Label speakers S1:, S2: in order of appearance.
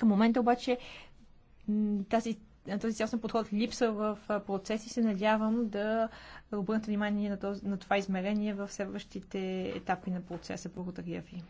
S1: Към
S2: момента обаче тази този цялостен подход липса в процеси, се надявам да обърнат внимание на, този, на това измерение в следващите етапи на процеса. Благодаря ви.